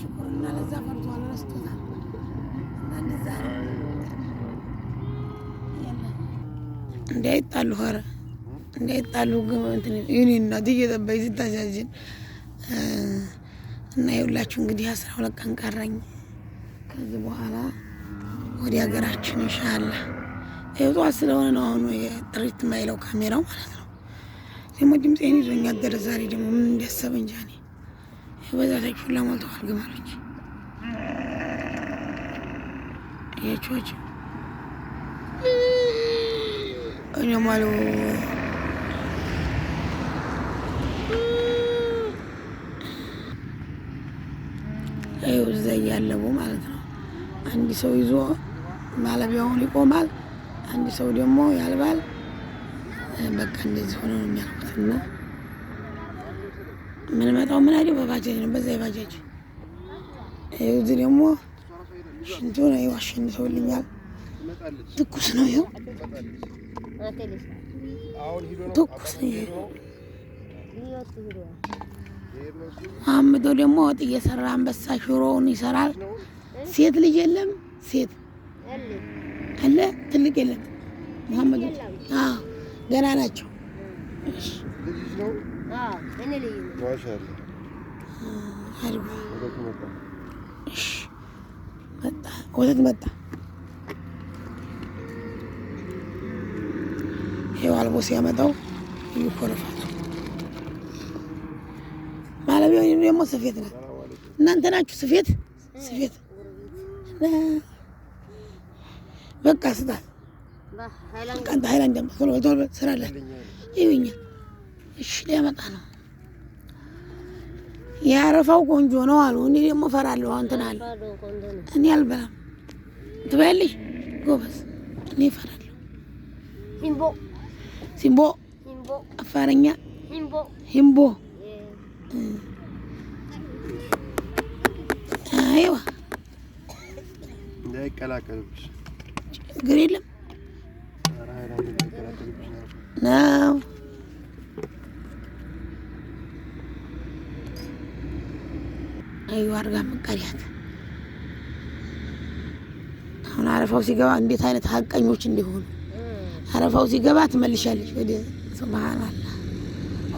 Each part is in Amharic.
ሽኩር እና ለዛ ፈርቷል፣ ረስቶታል። እንደዛ ነው እንዳይጣሉ ኧረ እንዳይጣሉ እና የሁላችሁ እንግዲህ አስራ ሁለት ቀን ቀረኝ። ከዚህ በኋላ ወደ ሀገራችን ስለሆነ ነው አሁኑ የጥሪት ካሜራው ማለት ነው። ደግሞ ድምፄን ዛሬ ደግሞ ምን እንዲያሰብ የበዛታችሁ ላሞልተዋል ግመሎች ያችዎች እኛማሉ ይኸው እዛ እያለቡ ማለት ነው። አንድ ሰው ይዞ ማለቢያውን ይቆማል። አንድ ሰው ደግሞ ያልባል። በቃ እንደዚህ ሆነ ነው የሚያልኩትና የምንመጣው ምን አይደል በባጃጅ ነው፣ በዛ የባጃጅ ይኸው። እዚህ ደግሞ ሽንቶ ነው፣ ይኸው አሸንተውልኛል። ትኩስ ነው፣ ይኸው ትኩስ ነው። ይሄ አምዶ ደግሞ ወጥ እየሰራ አንበሳ ሽሮውን ይሰራል። ሴት ልጅ የለም፣ ሴት አለ ትልቅ የለም። መሐመድ ገና ናቸው። ወተት መጣ። ይኸው አልቦ ሲያመጣው የሚኮረፋት ባለቤ ደግሞ ስፌት ናት። እናንተ ናችሁ ስፌት ስፌት በቃ ስጣት ቀንታ ሀይላንድ ስራ ለ ይኛል እሺ ሊያመጣ ነው። የአረፋው ቆንጆ ነው አሉ። እኔ ደግሞ እፈራለሁ። እንትን አለ እኔ አልበላም። ትበያለሽ ጎበዝ። እኔ እፈራለሁ። ሲምቦ ሲምቦ፣ አፋረኛ ሂምቦ። አይዋ እንዳይቀላቀልብሽ ችግር የለም ነው እዩ አርጋ መቀሪያት። አሁን አረፋው ሲገባ እንዴት አይነት ሀቀኞች እንዲሆኑ አረፋው ሲገባ ትመልሻለች ወደ ሱብሃንአላህ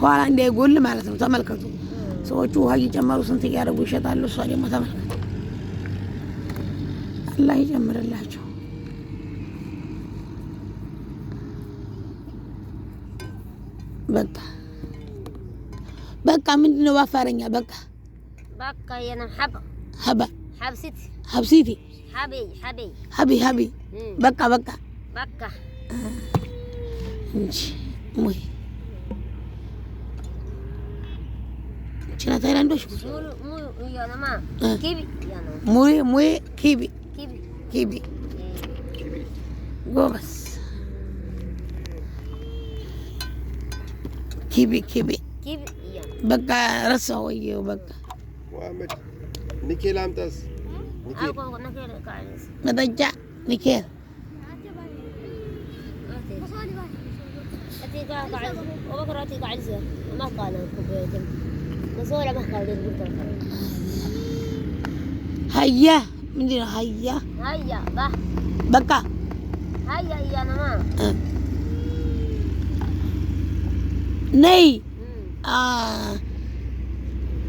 ኋላ እንዳይጎል ማለት ነው። ተመልከቱ ሰዎቹ ውሃ እየጨመሩ ስንት እያደረጉ ይሸጣሉ። እሷ ደግሞ ተመልከቱ። አላህ ይጨምርላቸው። በቃ በቃ ነው ባፋረኛ በቃ Baka yana haba haba habi haba haba haba baka baka baka mui china tayana ndo shu mui mui kibi kibi kibi kibi kibi kibi kibi kibi kibi kibi kibi ሙሐመድ ኒኬል አምጣስ መጠጫ ኒኬል ሀያ ምንድን ነው? ሀያ በቃ ነይ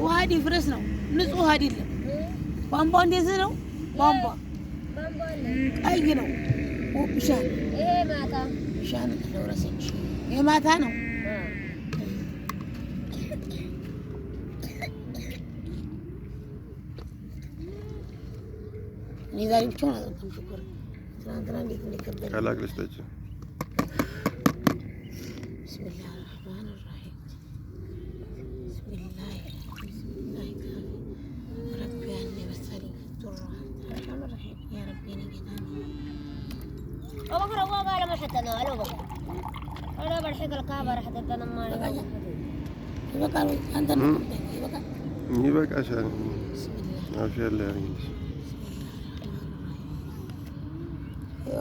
ውሃ ዲፍረስ ነው። ንጹህ ውሃ አይደለም። ቧንቧ እንደዚህ ነው። ቧንቧ ቀይ ነው። ይሄ ማታ ነው። నిదానికి చూడదు పంచుకోరు సాయంత్రం నీకు నీకు అలాగే بسم الله الرحمن الرحيم بسم الله بسم الله كافي ربي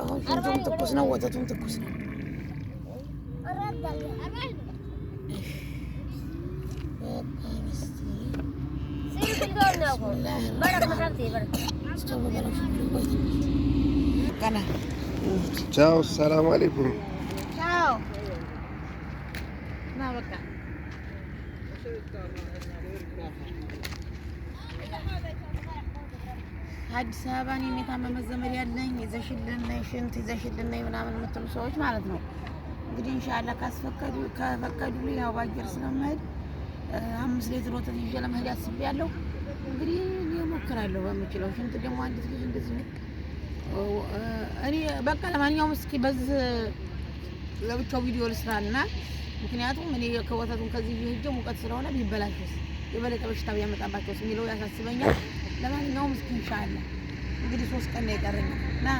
አሁን ሽንቱም ትኩስ ነው፣ ወተቱም ትኩስ ነው። ቻው፣ ሰላም አለይኩም። ቻው አዲስ አበባ እኔም የታመመ ዘመድ ያለኝ ይዘሽልን ነይ፣ ሽንት ይዘሽልን ነይ ምናምን የምትሉ ሰዎች ማለት ነው። እንግዲህ እንሻላ ካስፈቀዱ ከፈቀዱ ያው ባጀር ስለመሄድ አምስት ሌትር ወተት ይዤ ለመሄድ አስቤያለሁ። እንግዲህ እሞክራለሁ በምችለው። ሽንት ደግሞ አንዲት ልጅ እንደዚህ እኔ በቃ ለማንኛውም እስኪ በዚህ ለብቻው ቪዲዮ ልስራና ምክንያቱም እኔ ከወተቱን ከዚህ ይዤ ሙቀት ስለሆነ ቢበላሽስ የበለጠ በሽታ ያመጣባቸውስ የሚለው ያሳስበኛል። ለማንኛውም እስኪ እንሻለን እንግዲህ ሶስት ቀን ነው የቀረኝ ና